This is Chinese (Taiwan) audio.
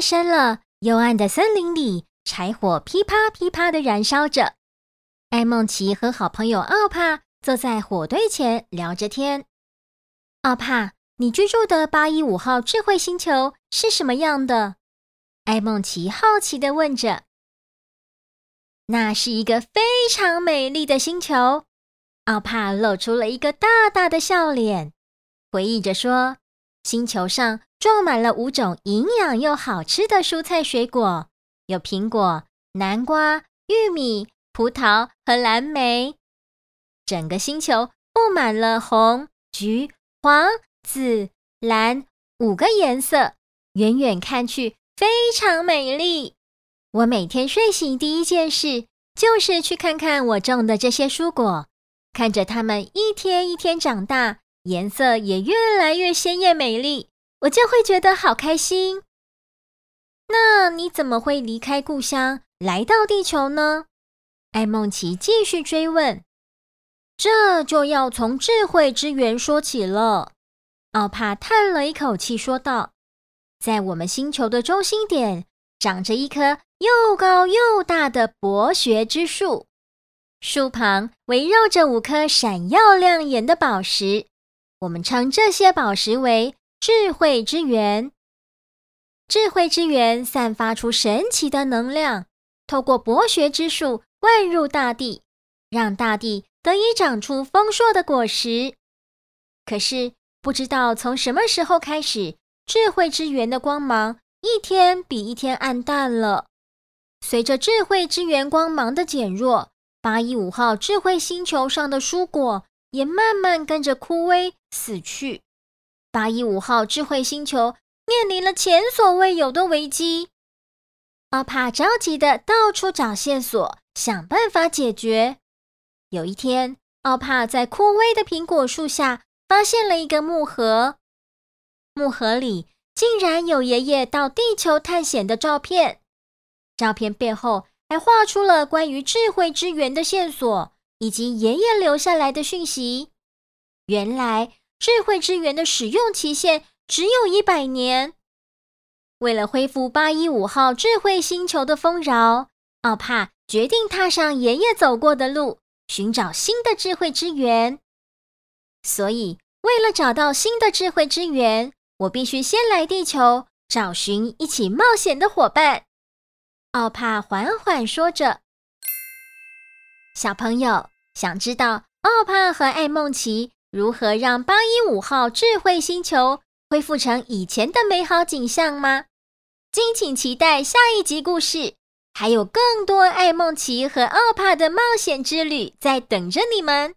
深了，幽暗的森林裡，柴火噼啪噼啪的燃燒着。愛孟奇和好朋友奧帕坐在火堆前聊着天。奧帕，你居住的八一五號智慧星球是什麼樣的？愛孟奇好奇的問着。那是一個非常美麗的星球。奧帕露出了一個大大的笑臉，回憶着說：“星球上……”種滿了五種營養又好吃的蔬菜水果，有蘋果、南瓜、玉米、葡萄和藍莓。整個星球布滿了紅、橘、黃、紫、藍五個顏色，遠遠看去非常美麗。我每天睡醒第一件事就是去看看我種的這些蔬果，看着它們一天一天長大，顏色也越來越鮮豔美麗。我就會覺得好開心。那你怎麼會離開故鄉來到地球呢？愛孟奇繼續追問。這就要從智慧之源說起了。奧帕嘆了一口氣說道：“在我們星球的中心點，長着一棵又高又大的博學之樹，樹旁圍繞着五顆閃耀亮眼的寶石，我們稱這些寶石為。”智慧之源，智慧之源散發出神奇的能量，透過博學之樹灌入大地，讓大地得以長出豐碩的果實。可是，不知道從什麼時候開始，智慧之源的光芒一天比一天暗淡了。隨着智慧之源光芒的減弱，八一五號智慧星球上的蔬果也慢慢跟着枯萎死去。八一五號智慧星球面臨了前所未有的危機，奧帕着急地到處找線索，想辦法解決。有一天，奧帕在枯萎的蘋果樹下發現了一個木盒，木盒裡竟然有爺爺到地球探險的照片，照片背後還畫出了關於智慧之源的線索，以及爺爺留下來的訊息。原來。智慧之源的使用期限只有一百年。為了恢復八一五號智慧星球的豐饒，奧帕決定踏上爺爺走過的路，尋找新的智慧之源。所以，為了找到新的智慧之源，我必須先來地球，找尋一起冒險的夥伴。奧帕緩緩說着：“小朋友，想知道奧帕和愛孟奇。如何讓八一五號智慧星球恢復成以前的美好景象嗎？敬請期待下一集故事，還有更多愛孟奇和奧帕的冒險之旅在等着你們。